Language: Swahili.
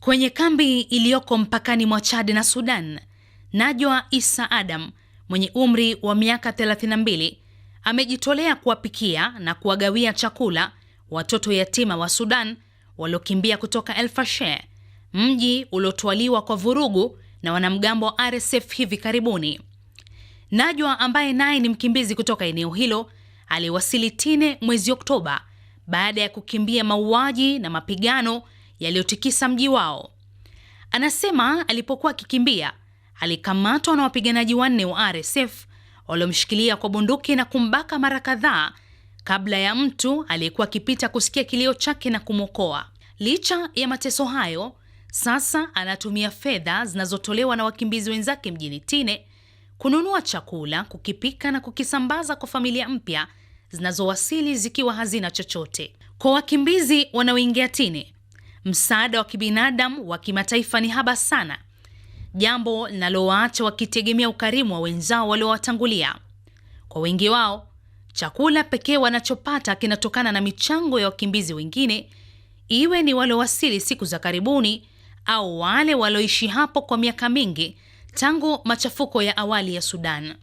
Kwenye kambi iliyoko mpakani mwa Chad na Sudan, Najwa Isa Adam mwenye umri wa miaka 32 amejitolea kuwapikia na kuwagawia chakula watoto yatima wa Sudan waliokimbia kutoka El Fasher, mji uliotwaliwa kwa vurugu na wanamgambo wa RSF hivi karibuni. Najwa ambaye naye ni mkimbizi kutoka eneo hilo aliwasili Tine mwezi Oktoba baada ya kukimbia mauaji na mapigano yaliyotikisa mji wao. Anasema alipokuwa akikimbia alikamatwa na wapiganaji wanne wa RSF waliomshikilia kwa bunduki na kumbaka mara kadhaa kabla ya mtu aliyekuwa akipita kusikia kilio chake na kumwokoa. Licha ya mateso hayo, sasa anatumia fedha zinazotolewa na wakimbizi wenzake mjini Tine kununua chakula, kukipika na kukisambaza kwa familia mpya zinazowasili zikiwa hazina chochote. Kwa wakimbizi wanaoingia Tine, msaada wa kibinadamu wa kimataifa ni haba sana, jambo linalowaacha wakitegemea ukarimu wa wenzao waliowatangulia. Kwa wengi wao, chakula pekee wanachopata kinatokana na michango ya wakimbizi wengine, iwe ni waliowasili siku za karibuni au wale walioishi hapo kwa miaka mingi tangu machafuko ya awali ya Sudan.